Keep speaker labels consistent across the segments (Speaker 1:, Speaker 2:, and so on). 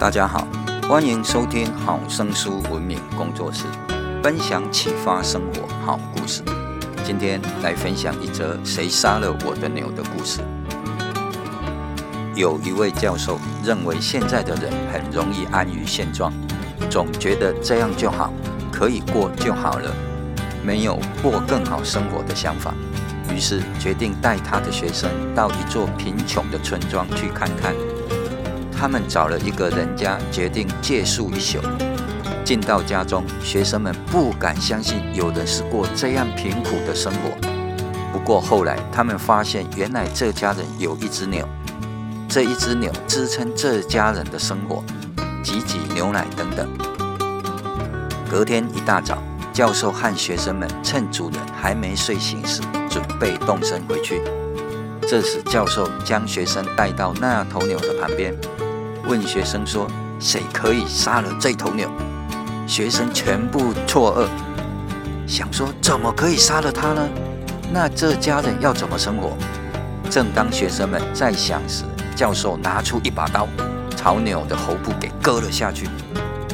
Speaker 1: 大家好，歡迎收聽好聲書文明工作室，分享啟發生活好故事。今天來分享一則“誰殺了我的牛”的故事。有一位教授認為現在的人很容易安於現狀，總覺得這樣就好，可以過就好了，沒有過更好生活的想法，於是決定帶他的學生到一座貧窮的村莊去看看。他們找了一個人家，決定借宿一宿。進到家中，學生們不敢相信有人是過這樣貧苦的生活。不過後來，他們發現原來這家人有一隻牛，這一隻牛支撐這家人的生活，擠擠牛奶等等。隔天一大早，教授和學生們趁主人還沒睡醒時，準備動身回去。這時，教授將學生帶到那頭牛的旁邊。問學生說：“誰可以殺了這頭牛？”學生全部錯愕，想說：“怎麼可以殺了他呢？那這家人要怎麼生活？”正當學生們在想時，教授拿出一把刀，朝牛的喉部給割了下去。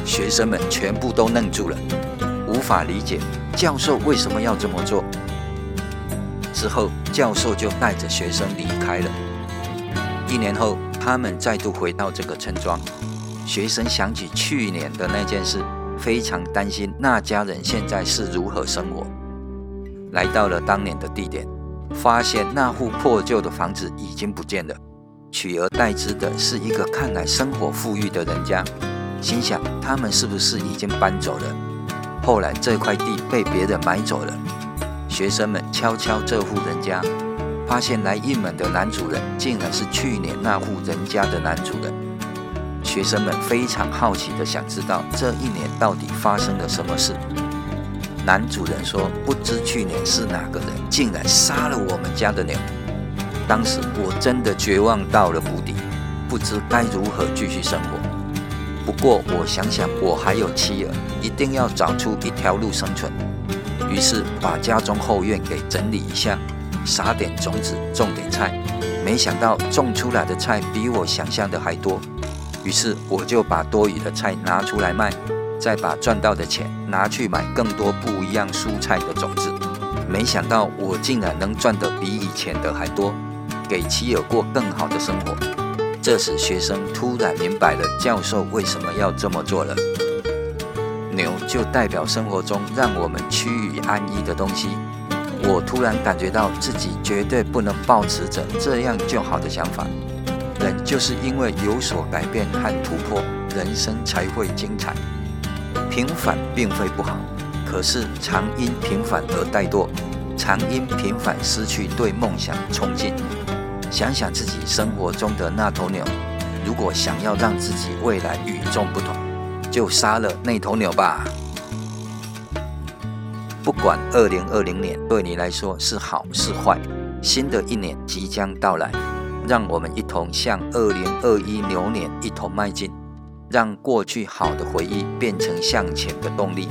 Speaker 1: 學生們全部都愣住了，無法理解教授為什麼要這麼做。之後，教授就帶着學生離開了。一年後，他們再度回到這個村莊。學生想起去年的那件事，非常擔心那家人現在是如何生活。來到了當年的地點，發現那戶破舊的房子已經不見了，取而代之的是一個看來生活富裕的人家。心想，他們是不是已經搬走了？後來這塊地被別人買走了。學生們敲敲這戶人家。發現來應門的男主人，竟然是去年那戶人家的男主人。學生們非常好奇的想知道這一年到底發生了什麼事。男主人說：“不知去年是哪個人，竟然殺了我們家的牛。當時我真的絕望到了谷底，不知該如何繼續生活。不過我想想，我還有妻兒，一定要找出一條路生存。於是把家中後院給整理一下。”撒點種子，種點菜，沒想到種出來的菜比我想象的還多。於是我就把多餘的菜拿出來賣，再把賺到的錢拿去買更多不一樣蔬菜的種子。沒想到我竟然能賺得比以前的還多，給妻兒過更好的生活。這時學生突然明白了教授為什麼要這麼做了。牛就代表生活中讓我們趨於安逸的東西。我突然感覺到自己絕對不能抱持着這樣就好的想法。人就是因為有所改變和突破，人生才會精彩。平凡並非不好，可是常因平凡而怠惰，常因平凡失去對夢想的衝勁。想想自己生活中的那頭牛，如果想要讓自己未來與眾不同，就殺了那頭牛吧。不管二零二零年對你來說是好是壞，新的一年即將到來，讓我們一同向二零二一牛年一同邁進，讓過去好的回憶變成向前的動力，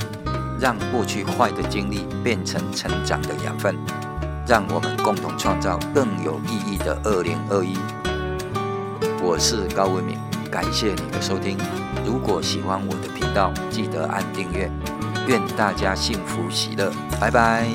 Speaker 1: 讓過去壞的經歷變成成，成長的養分，讓我們共同創造更有意義的二零二一。我是高文明，感謝你的收聽。如果喜歡我的頻道，記得按訂閱。願大家幸福喜樂，拜拜。